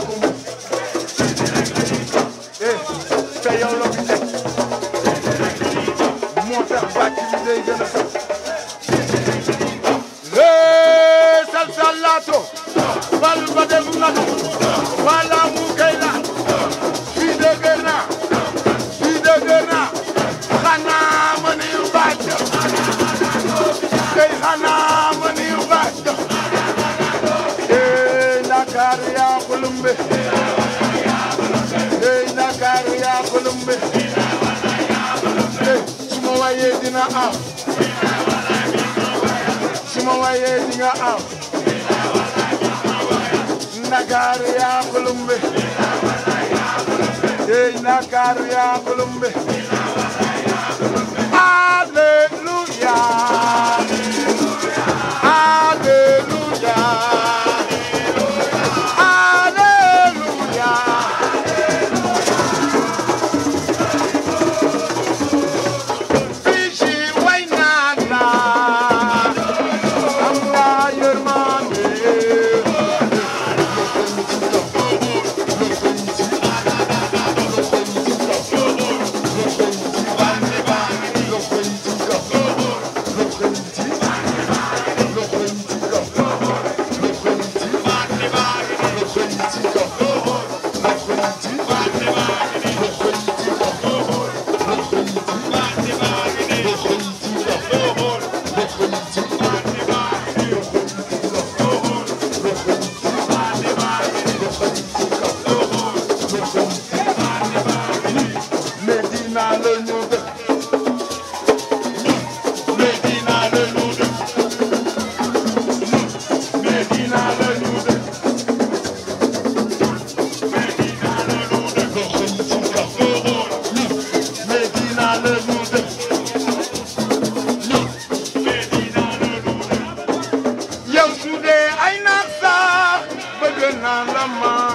yaa ko moom eh te yow la fi teg moo tax bàcc bi day gën a sax hee salsalato bal ba dem na wala mu Yaabalumbe ey Ndakaaru Yaabalumbe ey su ma wayee dina am su ma wayee dinga am Ndakaaru Yaabalumbe ey Ndakaaru Yaabalumbe Hallelujah Kalama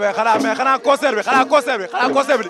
mais xanaa mais xanaa concert bi xanaa concert bi xanaa concert bi